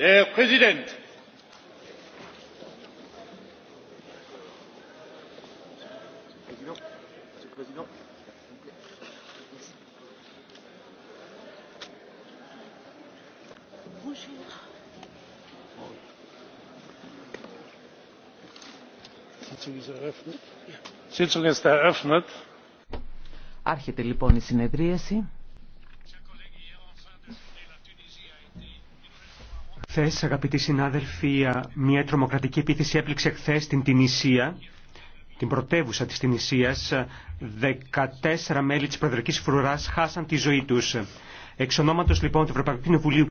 Herr Präsident! Sitzung ist eröffnet. Άρχεται λοιπόν Χθε, αγαπητοί συνάδελφοι, μια τρομοκρατική επίθεση έπληξε χθε την Τινησία, την πρωτεύουσα της Τινησίας. 14 μέλη της Προεδρικής Φρουράς χάσαν τη ζωή τους. Εξ ονόματος λοιπόν του Ευρωπαϊκού Κοινοβουλίου